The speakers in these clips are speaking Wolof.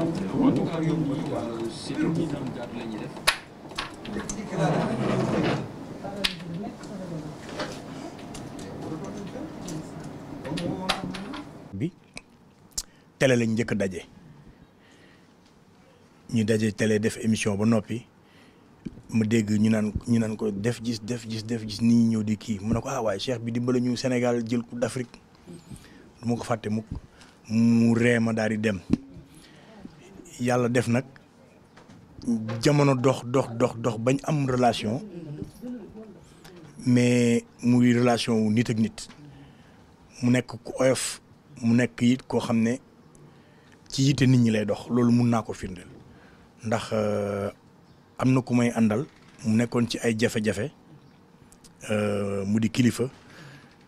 en tout la bi télé lañ njëkk daje ñu daje télé def émission ba noppi ma dégg ñu naan ñu naan ko def jiis def gis def gis nit ñi ñëw di kii mu ne ko ah waaye Cheikh bi dimbala ñu Sénégal jël Coupe d'Afrique du ko fàtte mukk mu reema ma di dem yàlla def nag jamono dox dox dox dox bañ am relation mais muy relation wu nit ak nit mu nekk ku oyof mu nekk it koo xam ne ci yitte nit ñi lay dox loolu mun naa ko firndeel ndax euh, am na ku may àndal mu nekkoon ci ay jafe-jafe euh, mu di kilifa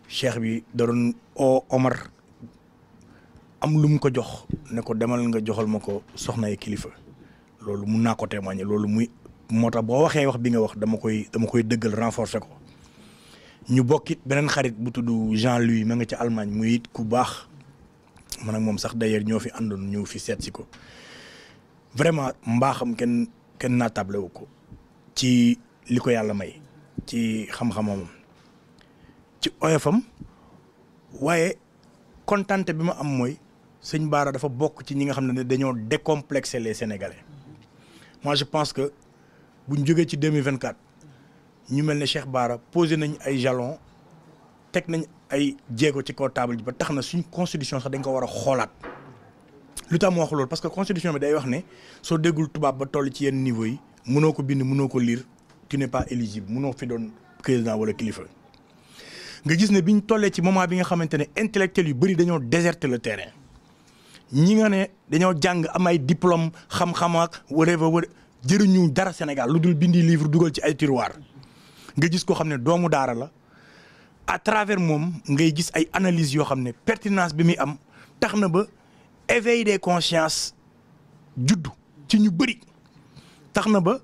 cheikh bi da doon Omar am lu ko jox ne ko demal nga joxal mako soxna yi kilifa lolou mu na ko témoigner lolou muy mota bo waxe wax bi nga wax dama koy dama koy deugal renforcer ko ñu bokkit benen xarit bu tuddu Jean-Louis ma nga ci Allemagne muy it ku bax man ak mom sax d'ailleurs ño fi andon ñu fi set si ko vraiment mbaxam ken ken na tablé wuko ci liko yalla may ci xam-xamam ci oyofam waye kontante bima am moy sëñ Bara dafa bok ci ñi nga xam dañoo décomplexer les Sénégalais moi je pense que buñ jógee ci 2024 ñu melni Cheikh Bara posé nañ ay jalons tek nañ ay djégo ci kaw table ba tax na suñ constitution sax dañ ko wara xolat lutam lu tax wax loolu parce que constitution bi day wax né so déggul tubaab ba toll ci yenn niveau yi mënoo ko bind mënoo ko lire tu n'es pas éligible mëno fi doon président wala kilifa nga gis né biñ tollé ci moment bi nga xamante ne intellectuels yu bari dañoo déserter le terrain. ñi nga ne dañoo jàng am ay diplôme xam-xam ak whatever jëriñu dara Sénégal lu dul bindi livre dugal ci ay tiroir nga gis koo xam ne doomu daara la à travers moom ngay gis ay analyse yoo xam ne pertinance bi muy am tax na ba éveil des consciences juddu ci ñu bëri tax na ba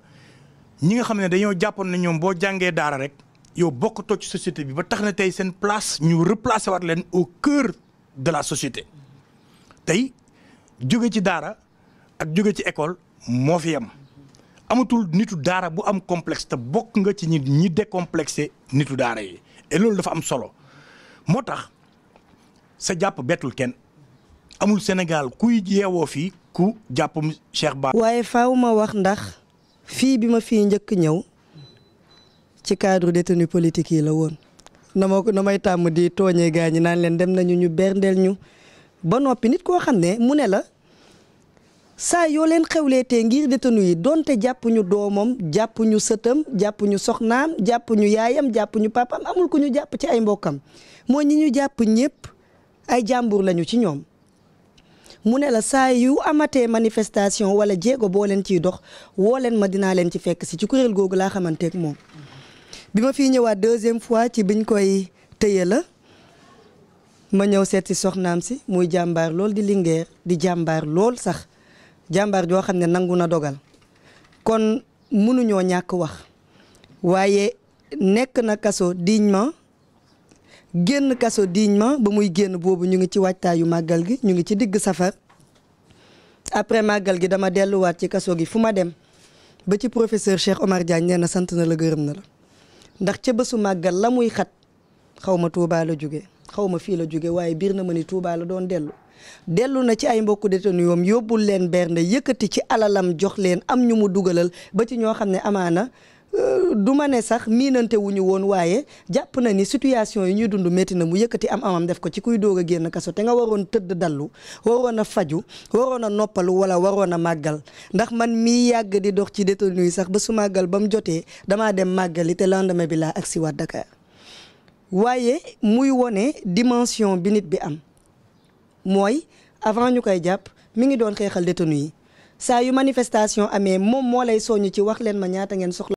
ñi nga xam ne dañoo jàppoon ne ñoom boo jàngee daara rek yow bokk too ci société bi ba tax na tey seen place ñu replacé waat leen au cœur de la société tey jóge ci daara ak jóge ci école moo fi yem amatul nitu daara bu am complexe te bokk nga ci ñi ñi décomplexé nitu daara yi et loolu dafa am solo moo tax sa jàpp bettul kenn amul Sénégal kuy yeewoo fii ku jàppum Cheikh Ba. waaye faaw ma wax ndax fii bi ma fii njëkk ñëw ci cadre détenu politique yi la woon na ma na may tàmm di tooñee gaa ñi naan leen dem nañu ñu berndeel ñu. ba noppi nit koo xam ne mu ne la saa yoo leen xewlee te ngir détenu yi donte jàpp ñu doomam jàpp ñu sëtam jàpp ñu soxnaam jàpp ñu yaayam jàpp ñu papam amul ku ñu jàpp ci ay mbokkam mooy ñi ñu jàpp ñëpp ay jàmbur lañu ci ñoom mu ne la saa yu amatee manifestation wala jéego boo leen ciy dox woo leen ma dinaa leen ci fekk si ci kuréel googu laa xamanteeg moom bi ma fiy ñëwaat deuxième fois ci biñ koy tëye la ma ñew setti soxnam si muy jambar lol di Linguère di jambar lol sax jambar jo xamne nanguna dogal kon ñoo ñak wax waye nek na kaso dignement génn kaso dignement ba muy genn bobu ñu ngi ci yu magal gi ñu ngi ci digg safar après magal gi dama wat ci kasso gi fuma profesor dem ba ci professeur Cheikh Omar Diagne nee na sant na la gërëm na la ndax ci bésu magal la muy xat xawma touba la xaw ma fii la jóge waaye biir na ma ni tuubaala doon dellu dellu na ci ay mbokku détenu am yóbbul leen bernde yëkkati ci alalam jox leen am ñu mu dugalal ba ci ñoo xam ne amaana euh, du ma ne sax miinante ñu woon waaye jàpp na ni situation yi ñuy dund métti na mu yëkkati am amam def ko ci kuy doog a génn kaso te nga waroon tëdd dallu waroon a faju waroon a noppalu wala waroon a màggal ndax man mii yàgg di dox ci détenu yi sax ba su màggal ba mu jotee damaa dem màggali te lendemain bi laa agsi waat Dakar waaye muy wone dimension bi nit bi am mooy avant ñu koy jàpp mu ngi doon xeexal détenu yi saa yu manifestation amee moom moo lay soññ ci wax leen ma ñaata ngeen soxla